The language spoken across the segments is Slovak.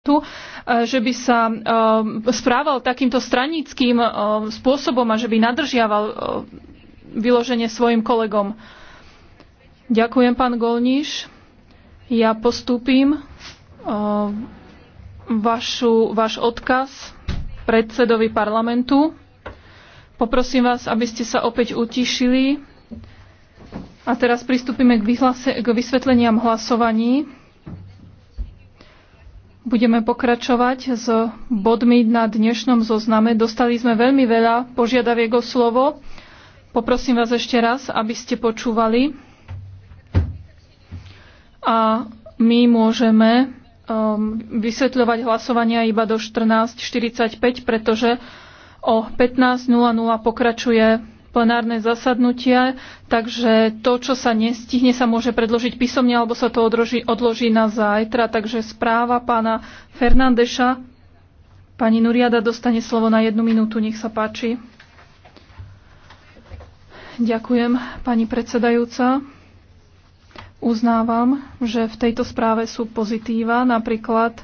tu, e, že by sa e, správal takýmto straníckým e, spôsobom a že by nadržiaval vyloženie svojim kolegom. Ďakujem, pán Golniš. Ja postúpim vašu, váš odkaz predsedovi parlamentu. Poprosím vás, aby ste sa opäť utišili. A teraz pristúpime k, k vysvetleniam hlasovaní. Budeme pokračovať s bodmi na dnešnom zozname. Dostali sme veľmi veľa požiadaviek o slovo. Poprosím vás ešte raz, aby ste počúvali. A my môžeme um, vysvetľovať hlasovania iba do 14.45, pretože o 15.00 pokračuje plenárne zasadnutia, takže to, čo sa nestihne, sa môže predložiť písomne, alebo sa to odloží, odloží na zajtra. Takže správa pána Fernandeša. Pani Nuriada dostane slovo na jednu minútu, nech sa páči. Ďakujem, pani predsedajúca. Uznávam, že v tejto správe sú pozitíva, napríklad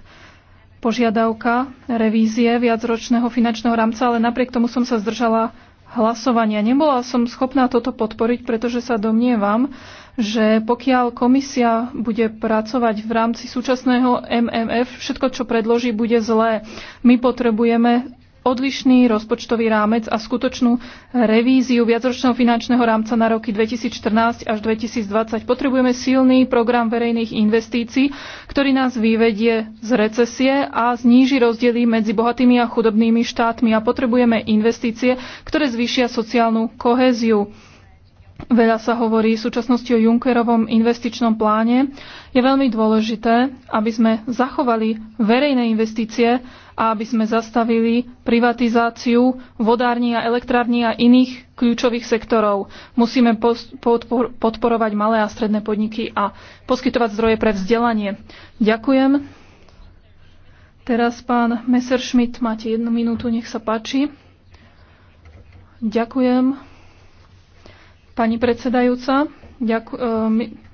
požiadavka revízie viacročného finančného rámca, ale napriek tomu som sa zdržala hlasovania. Nebola som schopná toto podporiť, pretože sa domnievam, že pokiaľ komisia bude pracovať v rámci súčasného MMF, všetko, čo predloží, bude zlé. My potrebujeme odlišný rozpočtový rámec a skutočnú revíziu viacročného finančného rámca na roky 2014 až 2020. Potrebujeme silný program verejných investícií, ktorý nás vyvedie z recesie a zníži rozdiely medzi bohatými a chudobnými štátmi a potrebujeme investície, ktoré zvýšia sociálnu kohéziu. Veľa sa hovorí v súčasnosti o Junckerovom investičnom pláne. Je veľmi dôležité, aby sme zachovali verejné investície a aby sme zastavili privatizáciu vodární a elektrární a iných kľúčových sektorov. Musíme podporovať malé a stredné podniky a poskytovať zdroje pre vzdelanie. Ďakujem. Teraz pán Messerschmidt, máte jednu minútu, nech sa páči. Ďakujem. Pani predsedajúca, ďakujem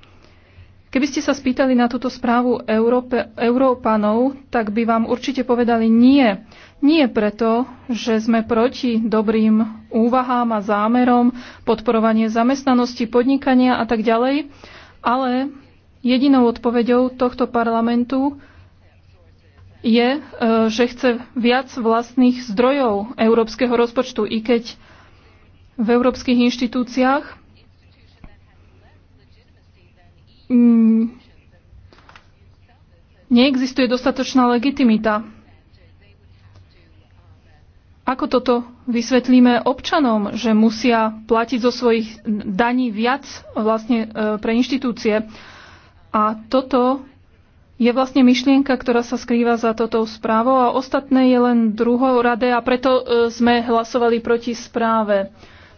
Keby ste sa spýtali na túto správu Európe, Európanov, tak by vám určite povedali nie. Nie preto, že sme proti dobrým úvahám a zámerom, podporovanie zamestnanosti, podnikania a tak ďalej, ale jedinou odpoveďou tohto parlamentu je, e, že chce viac vlastných zdrojov európskeho rozpočtu, i keď v európskych inštitúciách mm, neexistuje dostatočná legitimita. Ako toto vysvetlíme občanom, že musia platiť zo svojich daní viac vlastne e, pre inštitúcie? A toto je vlastne myšlienka, ktorá sa skrýva za toto správou a ostatné je len druhou rade a preto e, sme hlasovali proti správe.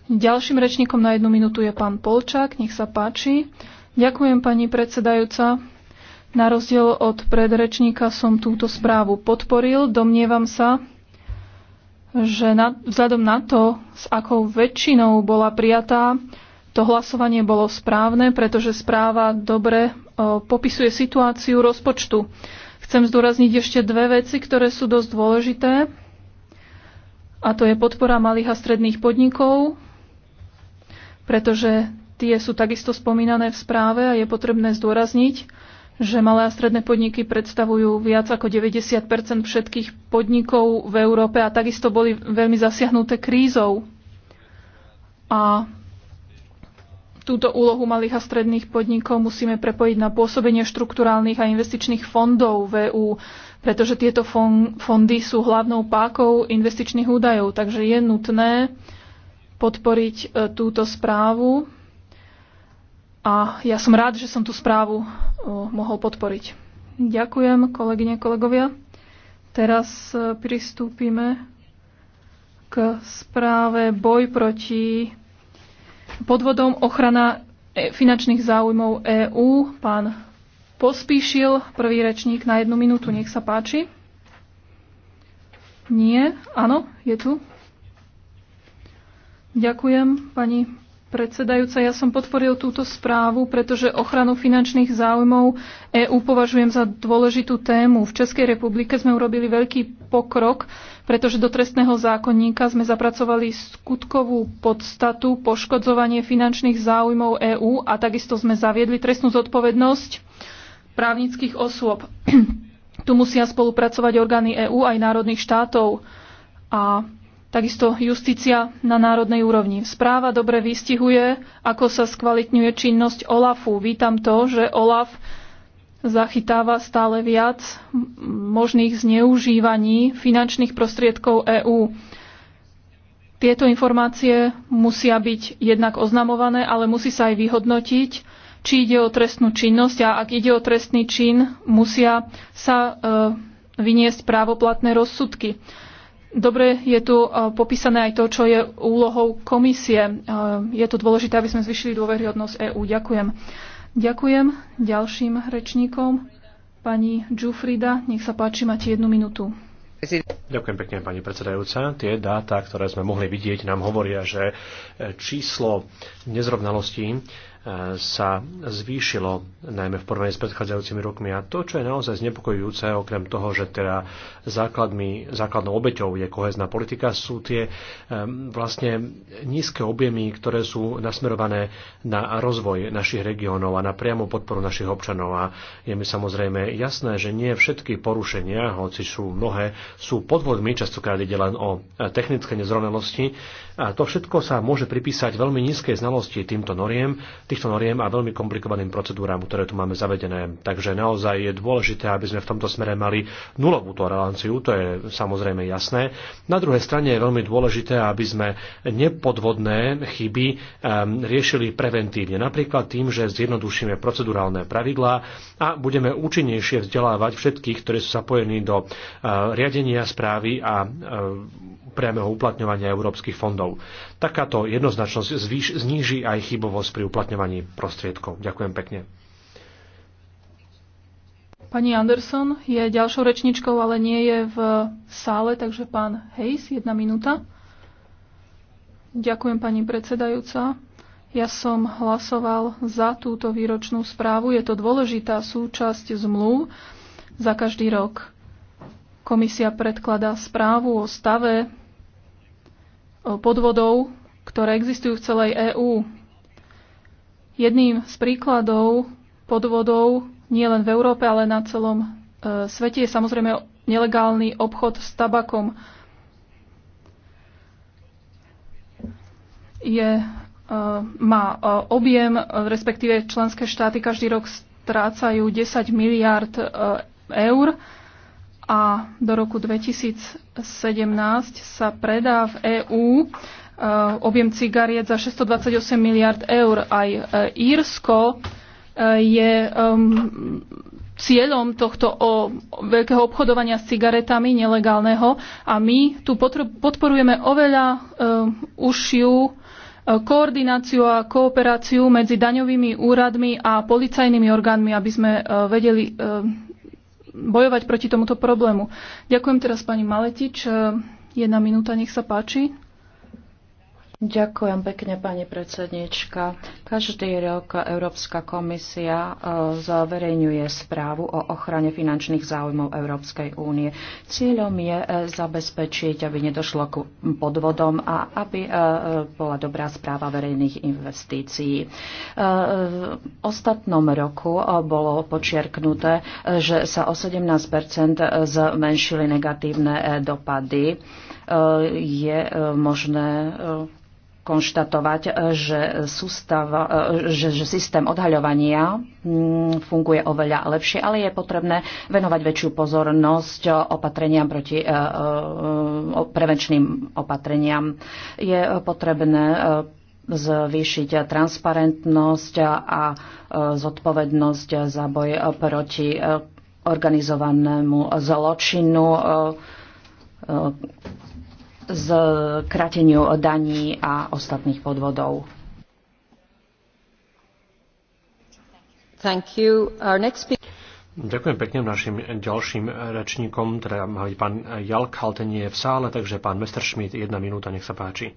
Ďalším rečníkom na jednu minútu je pán Polčák, nech sa páči. Ďakujem, pani predsedajúca. Na rozdiel od predrečníka som túto správu podporil. Domnievam sa, že na, vzhľadom na to, s akou väčšinou bola prijatá, to hlasovanie bolo správne, pretože správa dobre o, popisuje situáciu rozpočtu. Chcem zdôrazniť ešte dve veci, ktoré sú dosť dôležité. A to je podpora malých a stredných podnikov, pretože Tie sú takisto spomínané v správe a je potrebné zdôrazniť, že malé a stredné podniky predstavujú viac ako 90 všetkých podnikov v Európe a takisto boli veľmi zasiahnuté krízou. A túto úlohu malých a stredných podnikov musíme prepojiť na pôsobenie štrukturálnych a investičných fondov v EÚ, pretože tieto fondy sú hlavnou pákou investičných údajov. Takže je nutné podporiť e, túto správu a ja som rád, že som tú správu mohol podporiť. Ďakujem, kolegyne, kolegovia. Teraz e, pristúpime k správe Boj proti podvodom ochrana e, finančných záujmov EÚ. Pán Pospíšil, prvý rečník na jednu minútu, nech sa páči. Nie, áno, je tu. Ďakujem, pani predsedajúca. Ja som podporil túto správu, pretože ochranu finančných záujmov EÚ považujem za dôležitú tému. V Českej republike sme urobili veľký pokrok, pretože do trestného zákonníka sme zapracovali skutkovú podstatu poškodzovanie finančných záujmov EÚ a takisto sme zaviedli trestnú zodpovednosť právnických osôb. tu musia spolupracovať orgány EÚ aj národných štátov. A Takisto justícia na národnej úrovni. Správa dobre vystihuje, ako sa skvalitňuje činnosť OLAFu. Vítam to, že OLAF zachytáva stále viac možných zneužívaní finančných prostriedkov EÚ. Tieto informácie musia byť jednak oznamované, ale musí sa aj vyhodnotiť, či ide o trestnú činnosť a ak ide o trestný čin, musia sa e, vyniesť právoplatné rozsudky. Dobre je tu e, popísané aj to, čo je úlohou komisie. E, je tu dôležité, aby sme zvyšili dôveryhodnosť EÚ. Ďakujem. Ďakujem ďalším rečníkom. Pani Džufrida, nech sa páči, máte jednu minútu. Ďakujem pekne, pani predsedajúca. Tie dáta, ktoré sme mohli vidieť, nám hovoria, že e, číslo nezrovnalostí sa zvýšilo, najmä v porovnaní s predchádzajúcimi rokmi. A to, čo je naozaj znepokojujúce, okrem toho, že teda základmi, základnou obeťou je kohezná politika, sú tie vlastne nízke objemy, ktoré sú nasmerované na rozvoj našich regiónov a na priamu podporu našich občanov. A je mi samozrejme jasné, že nie všetky porušenia, hoci sú mnohé, sú podvodmi, častokrát ide len o technické nezrovnalosti. A to všetko sa môže pripísať veľmi nízkej znalosti týmto noriem, týchto noriem a veľmi komplikovaným procedúram, ktoré tu máme zavedené. Takže naozaj je dôležité, aby sme v tomto smere mali nulovú toleranciu, to je samozrejme jasné. Na druhej strane je veľmi dôležité, aby sme nepodvodné chyby um, riešili preventívne, napríklad tým, že zjednodušíme procedurálne pravidlá a budeme účinnejšie vzdelávať všetkých, ktorí sú zapojení do uh, riadenia správy a uh, priameho uplatňovania európskych fondov. Takáto jednoznačnosť zvýš, zníži aj chybovosť pri uplatňovaní prostriedkov. Ďakujem pekne. Pani Anderson je ďalšou rečničkou, ale nie je v sále, takže pán Hejs, jedna minúta. Ďakujem, pani predsedajúca. Ja som hlasoval za túto výročnú správu. Je to dôležitá súčasť zmluv za každý rok. Komisia predkladá správu o stave podvodov, ktoré existujú v celej EÚ. Jedným z príkladov podvodov nie len v Európe, ale na celom e, svete je samozrejme nelegálny obchod s tabakom. Je, e, má e, objem, respektíve členské štáty každý rok strácajú 10 miliard eur a do roku 2017 sa predá v EÚ e, objem cigariet za 628 miliard eur. Aj e, Írsko e, je cieľom tohto o veľkého obchodovania s cigaretami nelegálneho a my tu podporujeme oveľa užšiu koordináciu a kooperáciu medzi daňovými úradmi a policajnými orgánmi, aby sme vedeli bojovať proti tomuto problému. Ďakujem teraz pani Maletič. Jedna minúta, nech sa páči. Ďakujem pekne, pani predsednička. Každý rok Európska komisia e, zverejňuje správu o ochrane finančných záujmov Európskej únie. Cieľom je e, zabezpečiť, aby nedošlo k podvodom a aby e, bola dobrá správa verejných investícií. V ostatnom roku bolo počiarknuté, že sa o 17 zmenšili negatívne dopady je e, možné e, konštatovať, e, že, sústava, že, že systém odhaľovania mm, funguje oveľa lepšie, ale je potrebné venovať väčšiu pozornosť opatreniam proti prevenčným opatreniam. Je potrebné zvýšiť transparentnosť a zodpovednosť za boj proti organizovanému zločinu z krateniu daní a ostatných podvodov. Thank you. Our next speaker... Ďakujem pekne našim ďalším rečníkom, teda má byť pán Jalk, ale ten nie je v sále, takže pán Messerschmidt, jedna minúta, nech sa páči.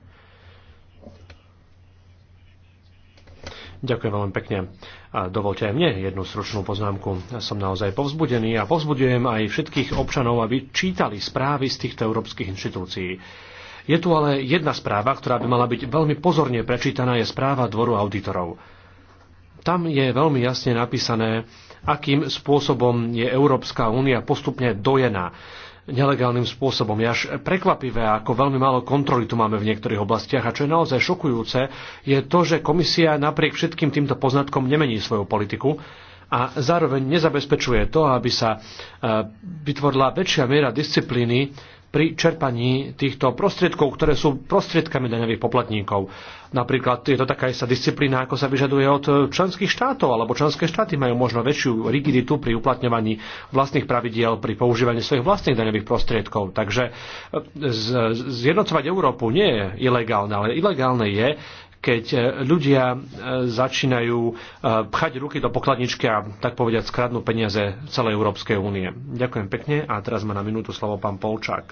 Ďakujem veľmi pekne. Dovolte aj mne jednu stručnú poznámku. Som naozaj povzbudený a povzbudujem aj všetkých občanov, aby čítali správy z týchto európskych inštitúcií. Je tu ale jedna správa, ktorá by mala byť veľmi pozorne prečítaná, je správa Dvoru auditorov. Tam je veľmi jasne napísané, akým spôsobom je Európska únia postupne dojená nelegálnym spôsobom. Je až prekvapivé, ako veľmi málo kontroly tu máme v niektorých oblastiach a čo je naozaj šokujúce, je to, že komisia napriek všetkým týmto poznatkom nemení svoju politiku a zároveň nezabezpečuje to, aby sa e, vytvorila väčšia miera disciplíny pri čerpaní týchto prostriedkov, ktoré sú prostriedkami daňových poplatníkov. Napríklad je to taká istá disciplína, ako sa vyžaduje od členských štátov, alebo členské štáty majú možno väčšiu rigiditu pri uplatňovaní vlastných pravidiel pri používaní svojich vlastných daňových prostriedkov. Takže zjednocovať Európu nie je ilegálne, ale ilegálne je, keď e, ľudia e, začínajú e, pchať ruky do pokladničky a tak povedať skradnú peniaze celej Európskej únie. Ďakujem pekne a teraz má na minútu slovo pán Polčák.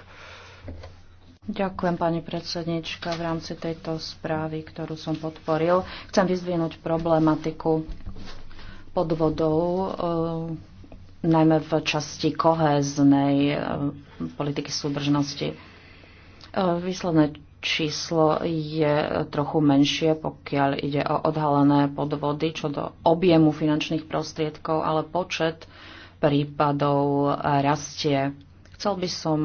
Ďakujem, pani predsednička. V rámci tejto správy, ktorú som podporil, chcem vyzvinúť problematiku podvodov, najmä v časti kohéznej politiky súdržnosti E, Výsledné číslo je trochu menšie, pokiaľ ide o odhalené podvody, čo do objemu finančných prostriedkov, ale počet prípadov rastie. Chcel by som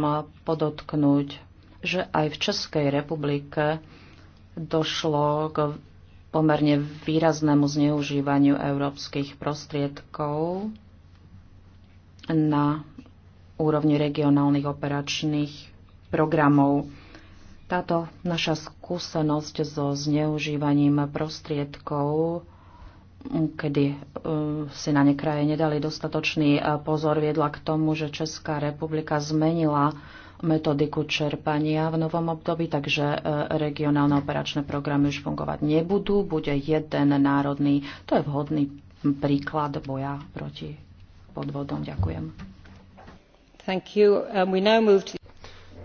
podotknúť, že aj v Českej republike došlo k pomerne výraznému zneužívaniu európskych prostriedkov na úrovni regionálnych operačných programov. Táto naša skúsenosť so zneužívaním prostriedkov kedy e, si na ne kraje nedali dostatočný e, pozor, viedla k tomu, že Česká republika zmenila metodiku čerpania v novom období, takže e, regionálne operačné programy už fungovať nebudú. Bude jeden národný. To je vhodný príklad boja proti podvodom. Ďakujem. Thank you. Um, we now move to...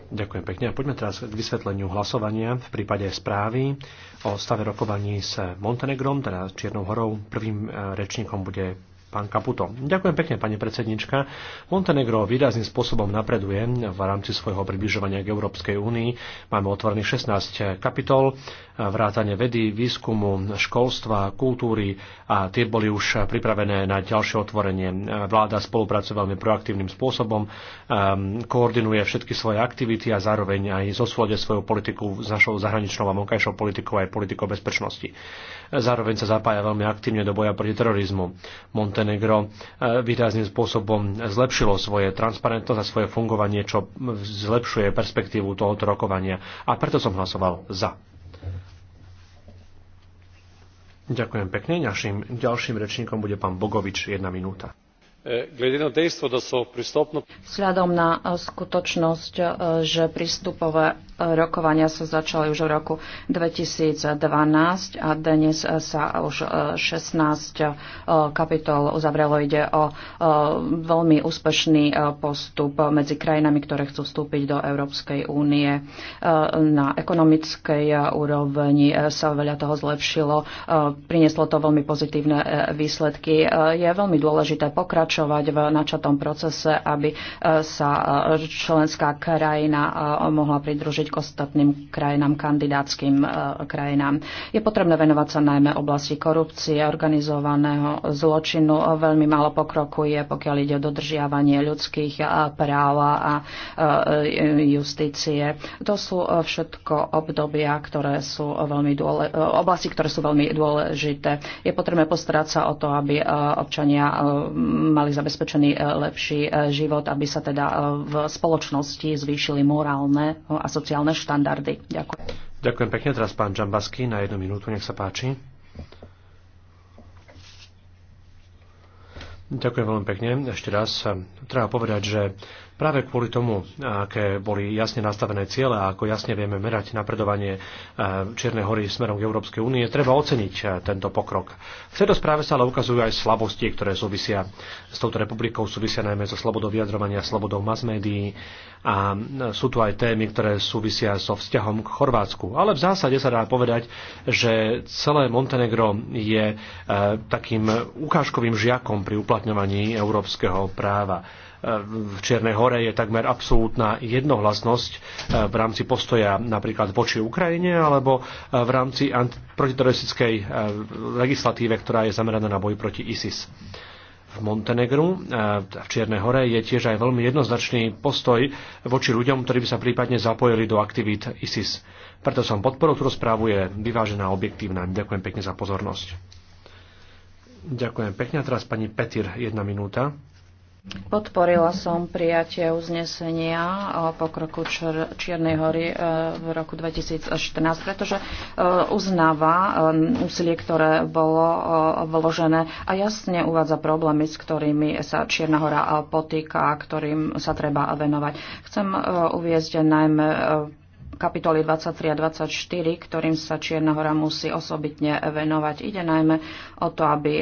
Ďakujem pekne. A poďme teraz k vysvetleniu hlasovania v prípade správy o stave rokovaní s Montenegrom, teda Čiernou horou. Prvým e, rečníkom bude Pán Kaputo. Ďakujem pekne, pani predsednička. Montenegro výrazným spôsobom napreduje v rámci svojho približovania k Európskej únii. Máme otvorených 16 kapitol, vrátane vedy, výskumu, školstva, kultúry a tie boli už pripravené na ďalšie otvorenie. Vláda spolupracuje veľmi proaktívnym spôsobom, ehm, koordinuje všetky svoje aktivity a zároveň aj zosúlade svoju politiku s našou zahraničnou a vonkajšou politikou aj politikou bezpečnosti. Zároveň sa zapája veľmi aktívne do boja proti terorizmu. Montenegro e, výrazným spôsobom zlepšilo svoje transparentnosť a svoje fungovanie, čo zlepšuje perspektívu tohoto rokovania. A preto som hlasoval za. Ďakujem pekne. Našim ďalším rečníkom bude pán Bogovič, jedna minúta. E, Vzhľadom na e, skutočnosť, že prístupové Rokovania sa začali už v roku 2012 a dnes sa už 16 e, e, kapitol uzavrelo. Ide o e, veľmi úspešný postup medzi krajinami, ktoré chcú vstúpiť do Európskej únie. Na ekonomickej úrovni sa veľa toho zlepšilo. Prinieslo to veľmi pozitívne výsledky. Je veľmi dôležité pokračovať v načatom procese, aby sa členská krajina mohla pridružiť k ostatným krajinám, kandidátským e, krajinám. Je potrebné venovať sa najmä oblasti korupcie, organizovaného zločinu. Veľmi málo pokroku je, pokiaľ ide o dodržiavanie ľudských e, práv a e, justície. To sú všetko obdobia, ktoré sú veľmi dôle, oblasti, ktoré sú veľmi dôležité. Je potrebné postarať sa o to, aby občania mali zabezpečený lepší život, aby sa teda v spoločnosti zvýšili morálne a sociálne sociálne štandardy. Ďakujem. Ďakujem pekne. Teraz pán Džambasky na jednu minútu, nech sa páči. Ďakujem veľmi pekne. Ešte raz eh, treba povedať, že Práve kvôli tomu, aké boli jasne nastavené ciele a ako jasne vieme merať napredovanie eh, Čiernej hory smerom k Európskej únie, treba oceniť eh, tento pokrok. V tejto správe sa ale ukazujú aj slabosti, ktoré súvisia s touto republikou, súvisia najmä so slobodou vyjadrovania, slobodou mass médií a eh, sú tu aj témy, ktoré súvisia so vzťahom k Chorvátsku. Ale v zásade sa dá povedať, že celé Montenegro je takým ukážkovým žiakom pri uplatňovaní európskeho práva v Čiernej hore je takmer absolútna jednohlasnosť eh, v rámci postoja napríklad voči Ukrajine alebo eh, v rámci protiteroristickej eh, legislatíve, ktorá je zameraná na boj proti ISIS v Montenegru, v Čiernej hore, je tiež aj veľmi jednoznačný postoj voči ľuďom, ktorí by sa prípadne zapojili do aktivít ISIS. Preto som podporu, ktorú správu je vyvážená a objektívna. Ďakujem pekne za pozornosť. Ďakujem pekne. A teraz pani Petir, jedna minúta. Podporila som prijatie uznesenia o pokroku Čiernej hory e, v roku 2014, pretože e, uznáva e, úsilie, ktoré bolo vložené a jasne uvádza problémy, s ktorými sa Čierna hora potýka a ktorým sa treba venovať. Chcem uviezť najmä kapitoly 23 a 24, ktorým sa Čierna hora musí osobitne venovať. Ide najmä o to, aby e,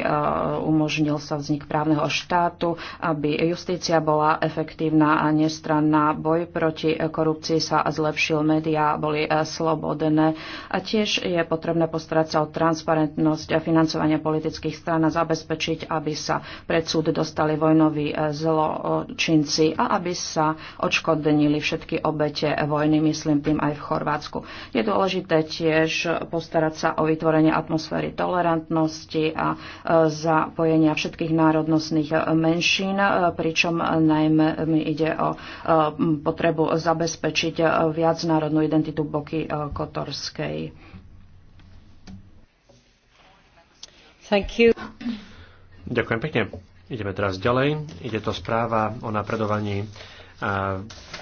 umožnil sa vznik právneho štátu, aby justícia bola efektívna a nestranná, boj proti korupcii sa zlepšil, médiá boli e, slobodné a tiež je potrebné postarať sa o transparentnosť a financovania politických stran a zabezpečiť, aby sa pred súd dostali vojnoví e, zločinci a aby sa odškodnili všetky obete vojny, myslím tým aj v Chorvátsku. Je dôležité tiež postarať sa o vytvorenie atmosféry tolerantnosti a e, zapojenia všetkých národnostných menšín, e, pričom najmä mi ide o e, potrebu zabezpečiť viac národnú identitu Boky Kotorskej. Thank you. Ďakujem pekne. Ideme teraz ďalej. Ide to správa o napredovaní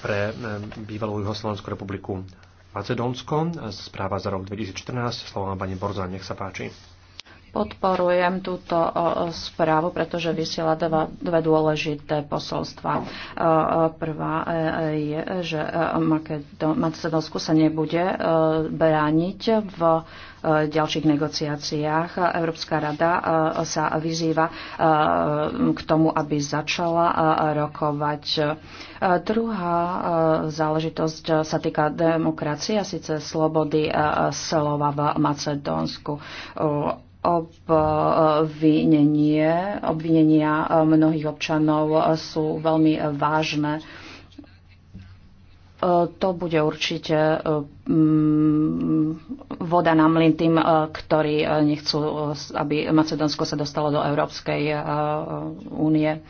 pre e, bývalú Juhoslovenskú republiku Macedónsko. Správa za rok 2014. Slovo má pani Borza, nech sa páči. Podporujem túto správu, pretože vysiela dva, dve dôležité posolstva. Prvá e, je, že e, Macedónsku sa nebude e, brániť v ďalších negociáciách. Európska rada sa vyzýva k tomu, aby začala rokovať. Druhá záležitosť sa týka demokracie, a síce slobody slova v Macedónsku obvinenie, obvinenia eh, mnohých občanov eh, sú veľmi eh, vážne. To bude určite mm, voda na mlyn tým, ktorí nechcú, aby Macedónsko sa dostalo do Európskej únie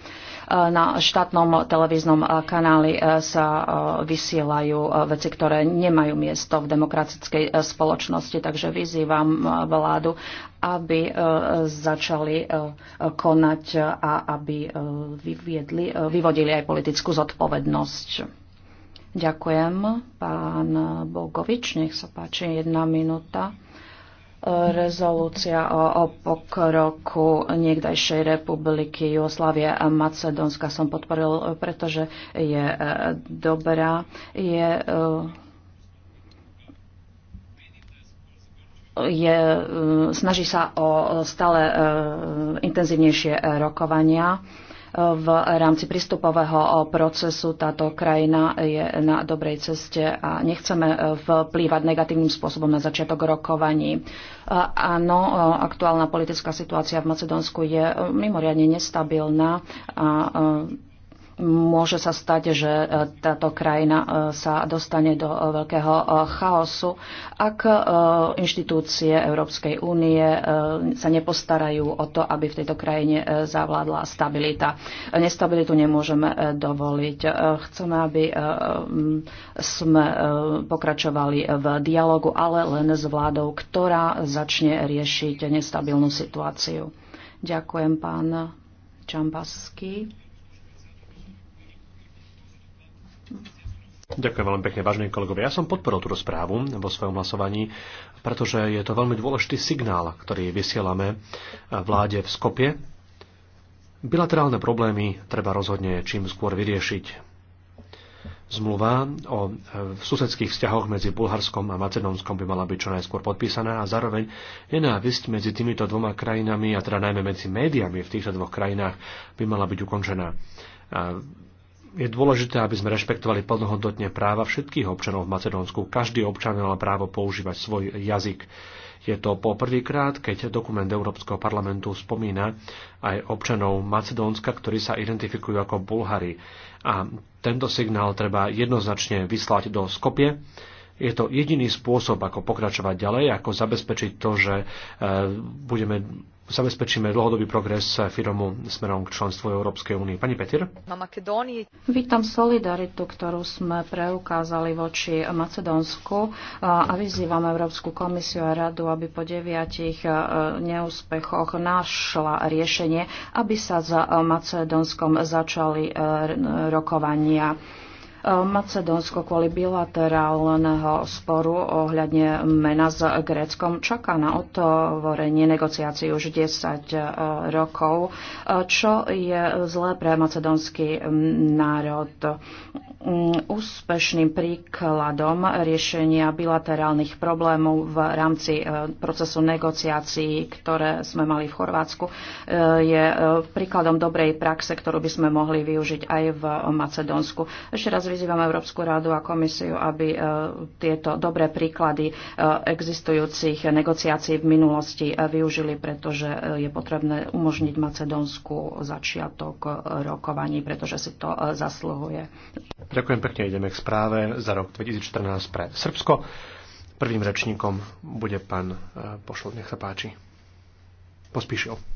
na štátnom televíznom eh, kanáli eh, sa eh, vysielajú veci, ktoré nemajú miesto v demokratickej spoločnosti. Takže vyzývam vládu, aby začali konať a aby vyviedli, vyvodili aj politickú zodpovednosť. Ďakujem. Pán Bogovič, nech sa páči, jedna minúta rezolúcia o, o pokroku niekdajšej republiky Jugoslávie a Macedónska som podporil, pretože je e, dobrá. Je e, je, e, snaží sa o stále intenzívnejšie rokovania v rámci prístupového procesu. Táto krajina je na dobrej ceste a nechceme e, vplývať negatívnym spôsobom na začiatok rokovaní. E, áno, e, aktuálna politická situácia v Macedónsku je mimoriadne nestabilná a môže sa stať, že e, táto krajina e, sa dostane do e, veľkého chaosu, ak inštitúcie Európskej únie sa nepostarajú o to, aby v tejto krajine zavládla stabilita. Nestabilitu nemôžeme dovoliť. Chceme, aby sme pokračovali v dialogu, ale len s vládou, ktorá začne riešiť nestabilnú situáciu. Ďakujem, pán Čambasky. Ďakujem veľmi pekne, vážení kolegovia. Ja som podporil túto správu vo svojom hlasovaní, pretože je to veľmi dôležitý signál, ktorý vysielame vláde v Skopie. Bilaterálne problémy treba rozhodne čím skôr vyriešiť. Zmluva o susedských vzťahoch medzi Bulharskom a Macedónskom by mala byť čo najskôr podpísaná a zároveň nenávisť medzi týmito dvoma krajinami a teda najmä medzi médiami v týchto dvoch krajinách by mala byť ukončená je dôležité, aby sme rešpektovali plnohodnotne práva všetkých občanov v Macedónsku. Každý občan má právo používať svoj jazyk. Je to poprvýkrát, keď dokument Európskeho parlamentu spomína aj občanov Macedónska, ktorí sa identifikujú ako Bulhari. A tento signál treba jednoznačne vyslať do Skopie je to jediný spôsob, ako pokračovať ďalej, ako zabezpečiť to, že e, budeme zabezpečíme dlhodobý progres firmu smerom k členstvu Európskej únie. Pani Petir? Na Makedónii. Vítam solidaritu, ktorú sme preukázali voči Macedónsku a vyzývam Európsku komisiu a radu, aby po deviatich e, neúspechoch našla riešenie, aby sa za Macedónskom začali e, rokovania. Eh, Macedónsko kvôli bilaterálneho sporu ohľadne mena s Gréckom čaká na otvorenie negociácií už 10 eh, rokov, eh, čo je zlé pre macedónsky mm, národ. Mm, úspešným príkladom riešenia bilaterálnych problémov v rámci procesu negociácií, ktoré sme mali v Chorvátsku, je príkladom dobrej praxe, ktorú by sme mohli využiť aj v Macedónsku. Ešte raz Vyzývam Európsku radu a komisiu, aby e, tieto dobré príklady e, existujúcich negociácií v minulosti e, využili, pretože je potrebné umožniť Macedónsku začiatok rokovaní, pretože si to zasluhuje. Ďakujem pekne, ideme k správe za rok 2014 pre Srbsko. Prvým rečníkom bude pán Pošlo, nech sa páči. Pospíšil.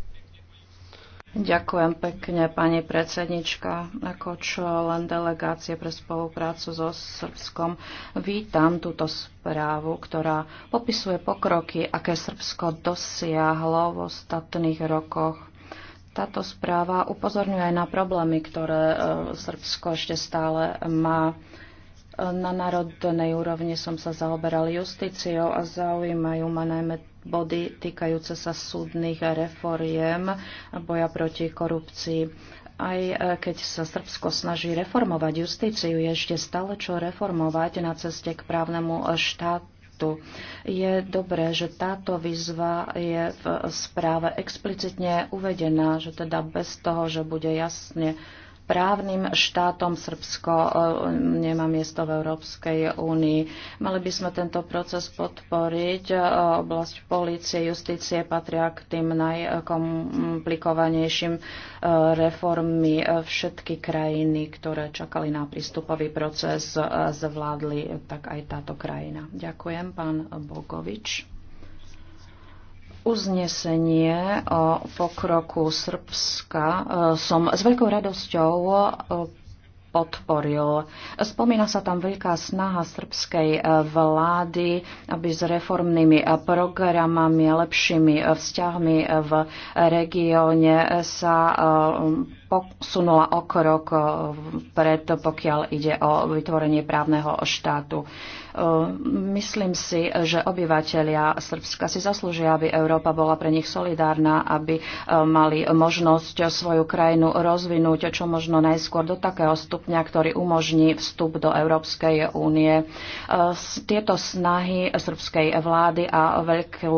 Ďakujem pekne, pani predsednička. Ako člen delegácie pre spoluprácu so Srbskom vítam túto správu, ktorá popisuje pokroky, aké Srbsko dosiahlo v ostatných rokoch. Táto správa upozorňuje aj na problémy, ktoré e, Srbsko ešte stále má na národnej úrovni som sa zaoberal justíciou a zaujímajú ma najmä body týkajúce sa súdnych reforiem boja proti korupcii aj e, keď sa Srbsko snaží reformovať justíciu, je ešte stále čo reformovať na ceste k právnemu štátu Je dobré, že táto výzva je v správe explicitne uvedená, že teda bez toho, že bude jasne právnym štátom Srbsko e, nemá miesto v Európskej únii. Mali by sme tento proces podporiť. E, oblasť policie, justície patria k tým najkomplikovanejším e, reformy. Všetky krajiny, ktoré čakali na prístupový proces, zvládli tak aj táto krajina. Ďakujem, pán Bogovič uznesenie o pokroku Srbska e, som s veľkou radosťou e, podporil. Spomína sa tam veľká snaha srbskej e, vlády, aby s reformnými programami, a lepšími vzťahmi v regióne sa posunula o krok e, pred, pokiaľ ide o vytvorenie právneho štátu. E, myslím si, že obyvateľia Srbska si zaslúžia, aby Európa bola pre nich solidárna, aby e, mali možnosť svoju krajinu rozvinúť čo možno najskôr do takého stupňa, ktorý umožní vstup do Európskej únie. Tieto snahy srbskej vlády a veľkú,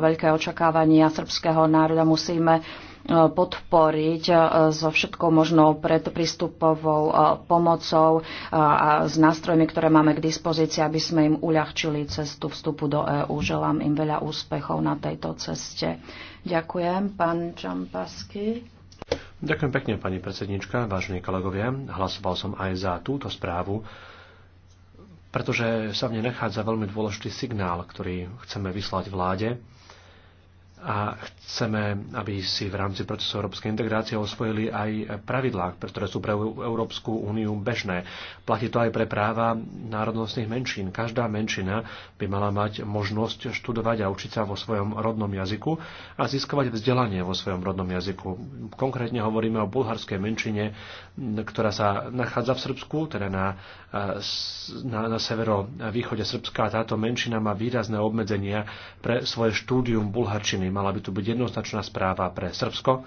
veľké očakávania srbského národa musíme podporiť e, so všetkou možnou predpristupovou e, pomocou e, a s nástrojmi, ktoré máme k dispozícii, aby sme im uľahčili cestu vstupu do EÚ. Želám im veľa úspechov na tejto ceste. Ďakujem, pán Čampasky. Ďakujem pekne, pani predsednička, vážení kolegovia. Hlasoval som aj za túto správu, pretože sa v nej nachádza veľmi dôležitý signál, ktorý chceme vyslať vláde a chceme, aby si v rámci procesu európskej integrácie osvojili aj pravidlá, ktoré sú pre Európsku úniu bežné. Platí to aj pre práva národnostných menšín. Každá menšina by mala mať možnosť študovať a učiť sa vo svojom rodnom jazyku a získavať vzdelanie vo svojom rodnom jazyku. Konkrétne hovoríme o bulharskej menšine, ktorá sa nachádza v Srbsku, teda na, na, na severovýchode Srbska. Táto menšina má výrazné obmedzenia pre svoje štúdium bulharčiny Mala by tu byť jednoznačná správa pre Srbsko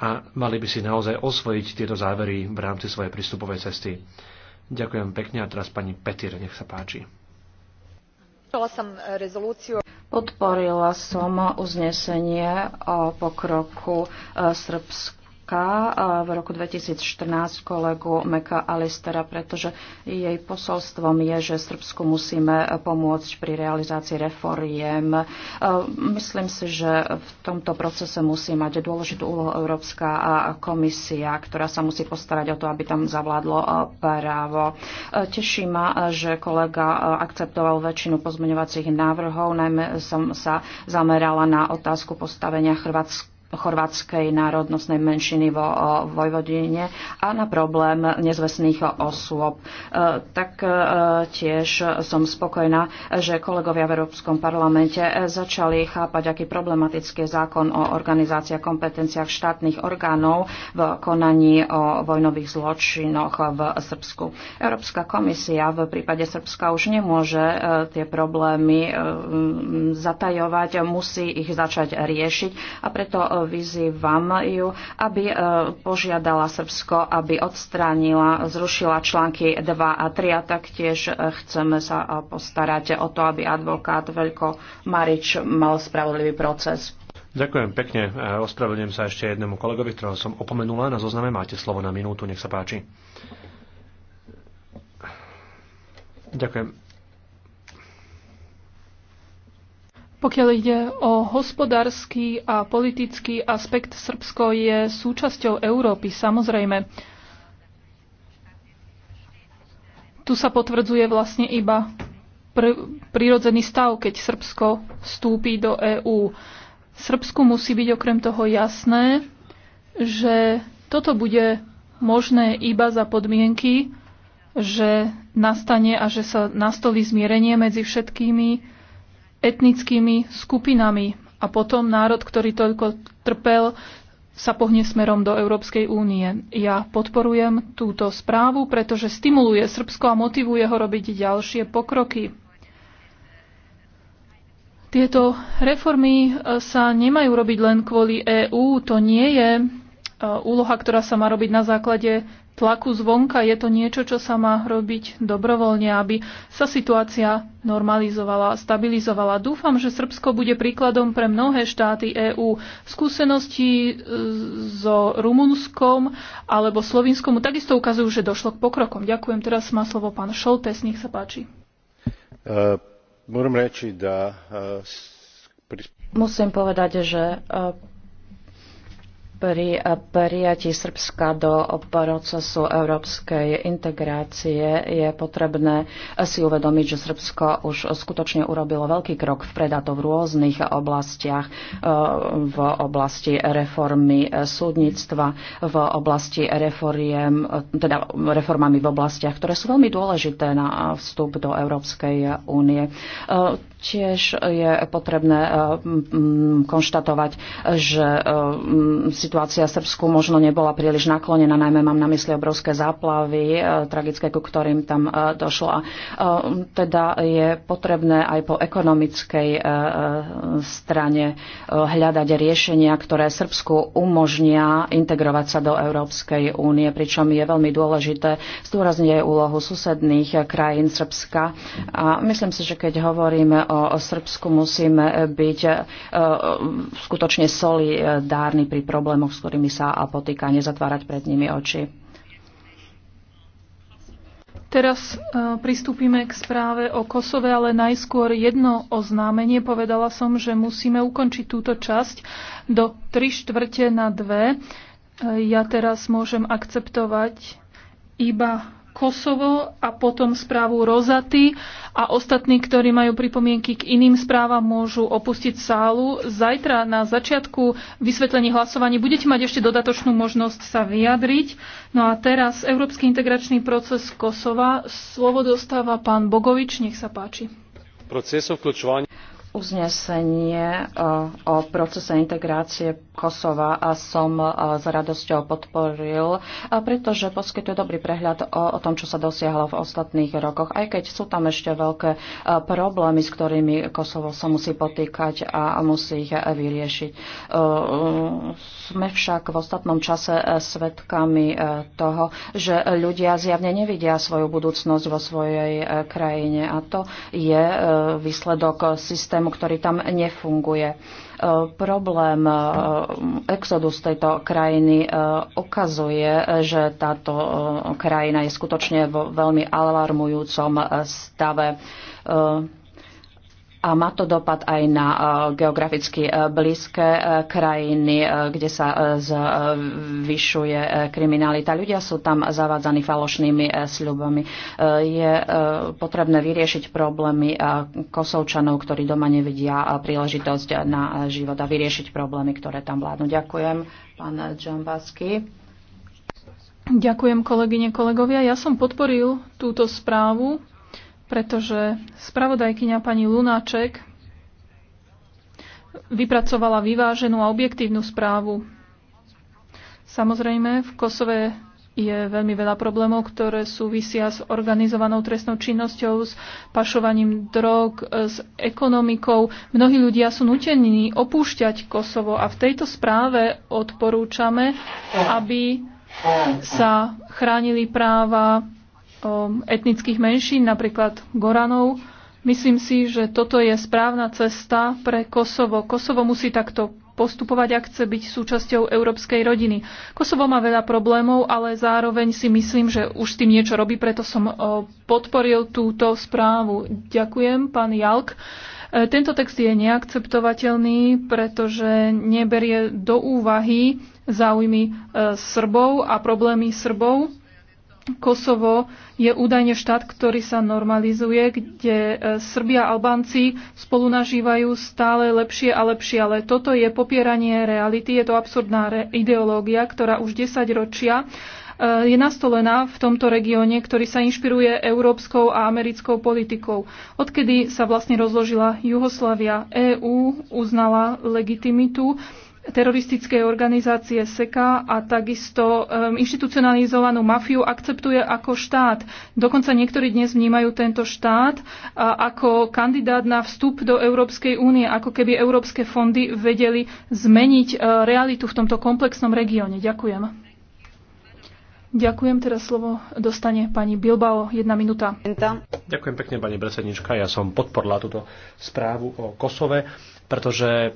a mali by si naozaj osvojiť tieto závery v rámci svojej prístupovej cesty. Ďakujem pekne a teraz pani Petir, nech sa páči. E, Podporila som uznesenie o pokroku e, Srbska Brocka v roku 2014 kolegu Meka Alistera, pretože jej posolstvom je, že Srbsku musíme pomôcť pri realizácii reforiem. E, myslím si, že v tomto procese musí mať dôležitú úlohu Európska komisia, ktorá sa musí postarať o to, aby tam zavládlo e, právo. E, teší ma, že kolega akceptoval väčšinu pozmeňovacích návrhov, najmä som sa zamerala na otázku postavenia Chorvátska chorvátskej národnostnej menšiny vo Vojvodine a na problém nezvestných osôb. E, tak e, tiež som spokojná, že kolegovia v Európskom parlamente začali chápať, aký problematický je zákon o organizácii a kompetenciách štátnych orgánov v konaní o vojnových zločinoch v Srbsku. Európska komisia v prípade Srbska už nemôže e, tie problémy zatajovať, musí ich začať riešiť a preto vyzývam ju, aby e, požiadala Srbsko, aby odstránila, zrušila články 2 a 3 a taktiež e, chceme sa e, postarať o to, aby advokát Veľko Marič mal spravodlivý proces. Ďakujem pekne. Ospravedlňujem sa ešte jednému kolegovi, ktorého som opomenula. Na zozname máte slovo na minútu. Nech sa páči. Ďakujem. Pokiaľ ide o hospodársky a politický aspekt, Srbsko je súčasťou Európy, samozrejme. Tu sa potvrdzuje vlastne iba pr- prírodzený stav, keď Srbsko vstúpi do EÚ. Srbsku musí byť okrem toho jasné, že toto bude možné iba za podmienky, že nastane a že sa nastolí zmierenie medzi všetkými etnickými skupinami a potom národ, ktorý toľko trpel, sa pohne smerom do Európskej únie. Ja podporujem túto správu, pretože stimuluje Srbsko a motivuje ho robiť ďalšie pokroky. Tieto reformy e, sa nemajú robiť len kvôli EÚ. To nie je e, úloha, ktorá sa má robiť na základe tlaku zvonka. Je to niečo, čo sa má robiť dobrovoľne, aby sa situácia normalizovala a stabilizovala. Dúfam, že Srbsko bude príkladom pre mnohé štáty EÚ. Skúsenosti e, so Rumunskom alebo Slovinskom takisto ukazujú, že došlo k pokrokom. Ďakujem. Teraz má slovo pán Šoltes. Nech sa páči. Uh, môžem reči, da, uh, pri... Musím povedať, že uh, pri prijatí Srbska do procesu európskej integrácie je potrebné si uvedomiť, že Srbsko už skutočne urobilo veľký krok vpred a to v rôznych oblastiach, eh, v oblasti reformy súdnictva, v oblasti reforiem, eh, teda reformami v oblastiach, ktoré sú veľmi dôležité na vstup do Európskej únie. Eh, Tiež je potrebné eh, konštatovať, že eh, situácia v Srbsku možno nebola príliš naklonená, najmä mám na mysli obrovské záplavy, eh, tragické, ku ktorým tam došlo. Teda je potrebné aj po ekonomickej strane hľadať riešenia, ktoré Srbsku umožnia integrovať sa do Európskej únie, pričom je veľmi dôležité zdôrazniť úlohu susedných krajín Srbska. A myslím si, že keď hovoríme o o Srbsku musíme byť e, skutočne solidárni e, pri problémoch, s ktorými sa potýka, nezatvárať pred nimi oči. Teraz e, pristúpime k správe o Kosove, ale najskôr jedno oznámenie. Povedala som, že musíme ukončiť túto časť do 3 štvrte na 2. Ja teraz môžem akceptovať iba Kosovo a potom správu Rozaty a ostatní, ktorí majú pripomienky k iným správam, môžu opustiť sálu. Zajtra na začiatku vysvetlení hlasovaní budete mať ešte dodatočnú možnosť sa vyjadriť. No a teraz Európsky integračný proces Kosova. Slovo dostáva pán Bogovič, nech sa páči uznesenie eh, o procese integrácie Kosova a som eh, s radosťou podporil, eh, pretože poskytuje dobrý prehľad o, o tom, čo sa dosiahlo v ostatných rokoch, aj keď sú tam ešte veľké problémy, s ktorými Kosovo sa musí potýkať a musí ich vyriešiť. Sme však v ostatnom čase svedkami toho, že ľudia zjavne nevidia svoju budúcnosť vo svojej krajine a to je výsledok systému systému, ktorý tam nefunguje. E, problém e, exodu z tejto krajiny e, ukazuje, že táto krajina je skutočne vo veľmi alarmujúcom stave a má to dopad aj na e, geograficky e, blízke e, krajiny, kde sa zvyšuje kriminalita. Ľudia sú tam zavádzaní falošnými sľubami. Je potrebné vyriešiť problémy kosovčanov, ktorí doma nevidia príležitosť na život a vyriešiť problémy, ktoré tam vládnu. Ďakujem, pán Džambasky. Ďakujem, kolegyne, kolegovia. Ja som podporil túto správu pretože spravodajkyňa pani Lunáček vypracovala vyváženú a objektívnu správu. Samozrejme, v Kosove je veľmi veľa problémov, ktoré súvisia s organizovanou trestnou činnosťou, s pašovaním drog, s ekonomikou. Mnohí ľudia sú nutení opúšťať Kosovo a v tejto správe odporúčame, aby sa chránili práva Um, etnických menšín, napríklad Goranov. Myslím si, že toto je správna cesta pre Kosovo. Kosovo musí takto postupovať, ak chce byť súčasťou európskej rodiny. Kosovo má veľa problémov, ale zároveň si myslím, že už s tým niečo robí, preto som uh, podporil túto správu. Ďakujem, pán Jalk. Uh, tento text je neakceptovateľný, pretože neberie do úvahy záujmy uh, Srbov a problémy Srbov. Kosovo je údajne štát, ktorý sa normalizuje, kde e, Srbia a Albánci spolu nažívajú stále lepšie a lepšie. Ale toto je popieranie reality, je to absurdná ideológia, ktorá už 10 ročia e, je nastolená v tomto regióne, ktorý sa inšpiruje európskou a americkou politikou. Odkedy sa vlastne rozložila Jugoslavia, EÚ uznala legitimitu teroristické organizácie SEKA a takisto um, inštitucionalizovanú mafiu akceptuje ako štát. Dokonca niektorí dnes vnímajú tento štát a, ako kandidát na vstup do Európskej únie, ako keby európske fondy vedeli zmeniť uh, realitu v tomto komplexnom regióne. Ďakujem. Ďakujem, teraz slovo dostane pani Bilbao, jedna minúta. Ďakujem pekne, pani predsednička. Ja som podporla túto správu o Kosove, pretože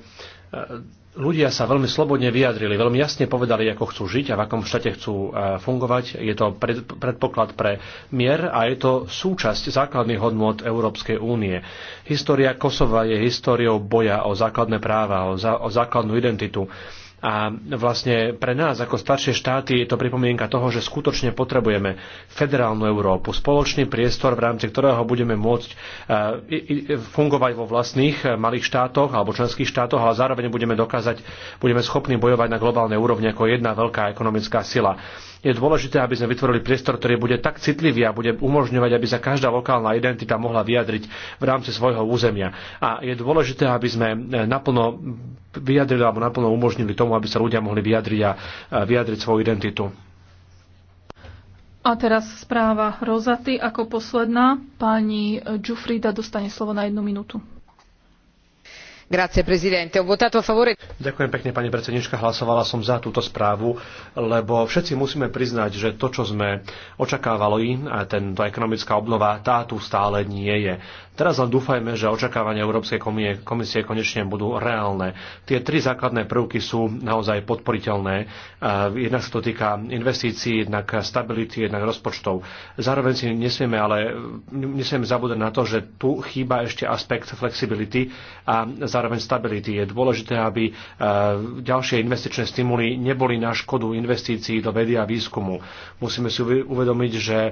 uh, ľudia sa veľmi slobodne vyjadrili, veľmi jasne povedali, ako chcú žiť a v akom štáte chcú e, fungovať. Je to predpoklad pre mier a je to súčasť základných hodnôt Európskej únie. História Kosova je históriou boja o základné práva, o, za, o základnú identitu a vlastne pre nás ako staršie štáty je to pripomienka toho, že skutočne potrebujeme federálnu Európu, spoločný priestor, v rámci ktorého budeme môcť e, fungovať vo vlastných e, malých štátoch alebo členských štátoch, ale zároveň budeme dokázať, budeme schopní bojovať na globálnej úrovni ako jedna veľká ekonomická sila. Je dôležité, aby sme vytvorili priestor, ktorý bude tak citlivý a bude umožňovať, aby sa každá lokálna identita mohla vyjadriť v rámci svojho územia. A je dôležité, aby sme eh, naplno vyjadrili alebo naplno umožnili tomu, aby sa ľudia mohli vyjadriť a vyjadriť svoju identitu. A teraz správa Rozaty ako posledná. Pani Džufrida dostane slovo na jednu minútu. Ďakujem pekne, pani predsednička. Hlasovala som za túto správu, lebo všetci musíme priznať, že to, čo sme očakávali, tá ekonomická obnova, tá tu stále nie je. Teraz len dúfajme, že očakávania Európskej komisie konečne budú reálne. Tie tri základné prvky sú naozaj podporiteľné. E, jednak sa to týka investícií, jednak stability, jednak rozpočtov. Zároveň si nesmieme ale nesmieme zabúdať na to, že tu chýba ešte aspekt flexibility a zároveň stability. Je dôležité, aby e, ďalšie investičné stimuly neboli na škodu investícií do vedy a výskumu. Musíme si uvedomiť, že e,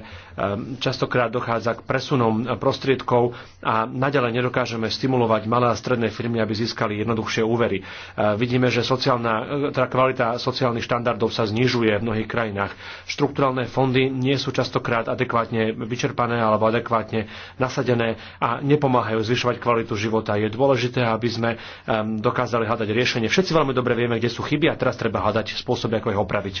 častokrát dochádza k presunom prostriedkov a naďalej nedokážeme stimulovať malé a stredné firmy, aby získali jednoduchšie úvery. E, vidíme, že sociálna, e, teda kvalita sociálnych štandardov sa znižuje v mnohých krajinách. Štrukturálne fondy nie sú častokrát adekvátne vyčerpané alebo adekvátne nasadené a nepomáhajú zvyšovať kvalitu života. Je dôležité, aby sme e, dokázali hľadať riešenie. Všetci veľmi dobre vieme, kde sú chyby a teraz treba hľadať spôsoby, ako ich opraviť.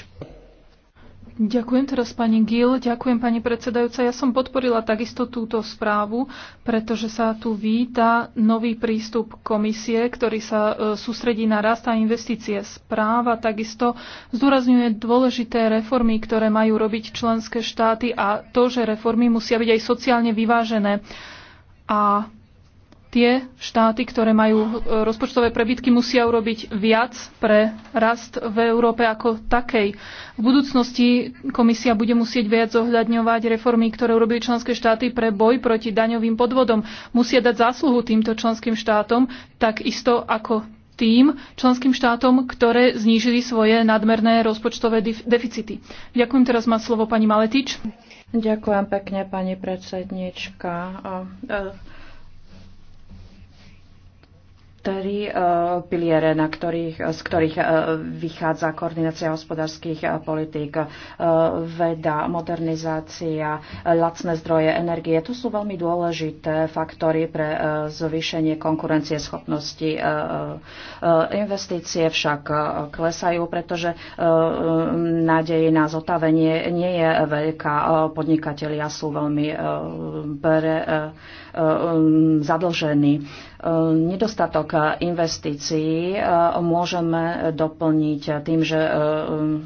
Ďakujem teraz pani Gil, ďakujem pani predsedajúca. Ja som podporila takisto túto správu, pretože sa tu víta nový prístup komisie, ktorý sa e, sústredí na rast a investície. Správa takisto zdôrazňuje dôležité reformy, ktoré majú robiť členské štáty a to, že reformy musia byť aj sociálne vyvážené. A tie štáty, ktoré majú e, rozpočtové prebytky, musia urobiť viac pre rast v Európe ako takej. V budúcnosti komisia bude musieť viac zohľadňovať reformy, ktoré urobili členské štáty pre boj proti daňovým podvodom. Musia dať zásluhu týmto členským štátom, takisto ako tým členským štátom, ktoré znížili svoje nadmerné rozpočtové deficity. Ďakujem, teraz má slovo pani Maletič. Ďakujem pekne, pani predsednička. E, tri eh, piliere, na ktorých, eh, z ktorých eh, vychádza koordinácia hospodárskych politík, veda, modernizácia, lacné zdroje energie. To sú veľmi dôležité faktory pre zvýšenie konkurencie schopnosti. Investície však klesajú, pretože nádej na zotavenie nie je veľká. Podnikatelia sú veľmi pre zadlžení. Nedostatok investícií eh, môžeme doplniť tým, že eh,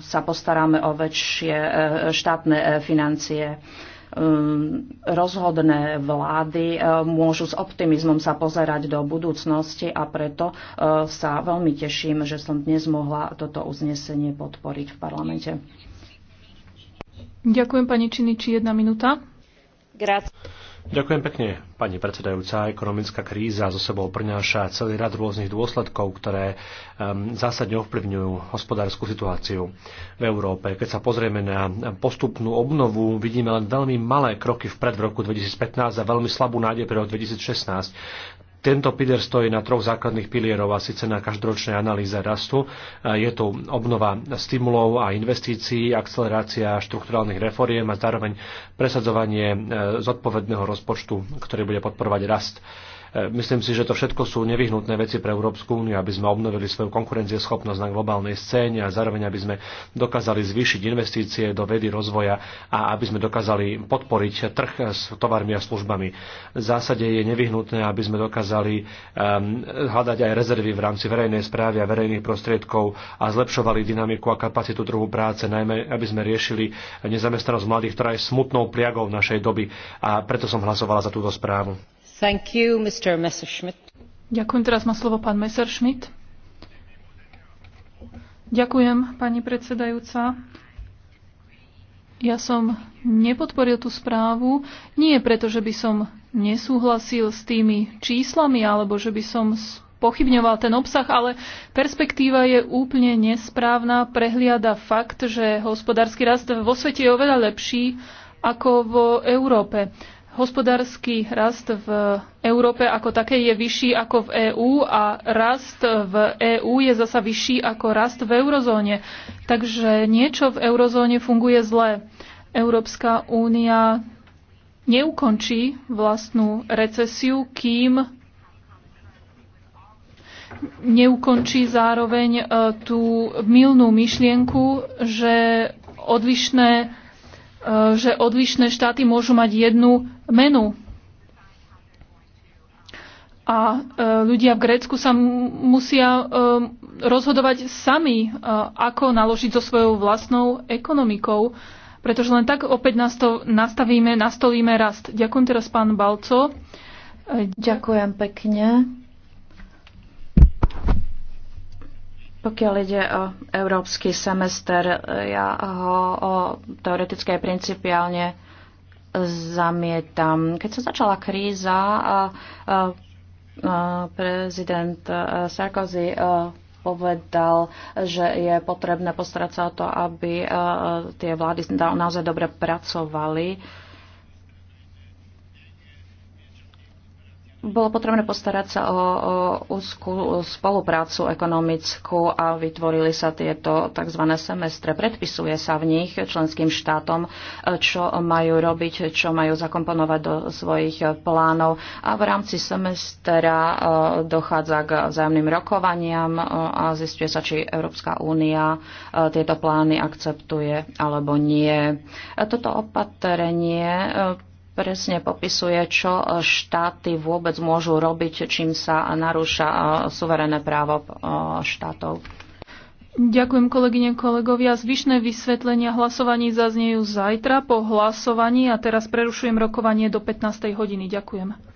sa postaráme o väčšie eh, štátne financie rozhodné vlády môžu s optimizmom sa pozerať do budúcnosti a preto sa veľmi teším, že som dnes mohla toto uznesenie podporiť v parlamente. Ďakujem pani Činiči, jedna minúta. Grazie. Ďakujem pekne, pani predsedajúca. Ekonomická kríza zo sebou prináša celý rad rôznych dôsledkov, ktoré um, zásadne ovplyvňujú hospodárskú situáciu v Európe. Keď sa pozrieme na postupnú obnovu, vidíme len veľmi malé kroky vpred v roku 2015 a veľmi slabú nádej pre rok 2016. Tento pilier stojí na troch základných pilierov a síce na každoročnej analýze rastu. Je tu obnova stimulov a investícií, akcelerácia štrukturálnych reforiem a zároveň presadzovanie e, zodpovedného rozpočtu, ktorý bude podporovať rast. Myslím si, že to všetko sú nevyhnutné veci pre Európsku úniu, aby sme obnovili svoju konkurencieschopnosť na globálnej scéne a zároveň aby sme dokázali zvýšiť investície do vedy, rozvoja a aby sme dokázali podporiť trh s tovarmi a službami. V zásade je nevyhnutné, aby sme dokázali um, hľadať aj rezervy v rámci verejnej správy a verejných prostriedkov a zlepšovali dynamiku a kapacitu trhu práce, najmä aby sme riešili nezamestnanosť mladých, ktorá je smutnou v našej doby a preto som hlasovala za túto správu. Ďakujem, teraz má slovo pán Ďakujem, pani predsedajúca. Ja som nepodporil tú správu, nie preto, že by som nesúhlasil s tými číslami alebo že by som pochybňoval ten obsah, ale perspektíva je úplne nesprávna. Prehliada fakt, že hospodársky rast vo svete je oveľa lepší ako v Európe. Hospodársky rast v Európe ako také je vyšší ako v EÚ a rast v EÚ je zasa vyšší ako rast v eurozóne. Takže niečo v eurozóne funguje zle. Európska únia neukončí vlastnú recesiu, kým neukončí zároveň e, tú milnú myšlienku, že odlišné, e, že odlišné štáty môžu mať jednu menu. A e, ľudia v Grécku sa musia e, rozhodovať sami, e, ako naložiť so svojou vlastnou ekonomikou, pretože len tak opäť nás to nastavíme, nastolíme rast. Ďakujem teraz pán Balco. Ďakujem pekne. Pokiaľ ide o európsky semester, ja ho o teoretické principiálne zamietam. Keď sa začala kríza, prezident e, Sarkozy e, povedal, že je potrebné postarať sa o to, aby e, tie vlády naozaj dobre pracovali bolo potrebné postarať sa o, o úzkú spoluprácu ekonomickú a vytvorili sa tieto tzv. semestre. Predpisuje sa v nich členským štátom, čo majú robiť, čo majú zakomponovať do svojich plánov a v rámci semestra e, dochádza k vzájomným rokovaniam e, a zistuje sa, či Európska únia e, tieto plány akceptuje alebo nie. Toto opatrenie presne popisuje, čo štáty vôbec môžu robiť, čím sa narúša suverené právo e, štátov. Ďakujem kolegyne, kolegovia. Zvyšné vysvetlenia hlasovaní zaznejú zajtra po hlasovaní a teraz prerušujem rokovanie do 15. hodiny. Ďakujem.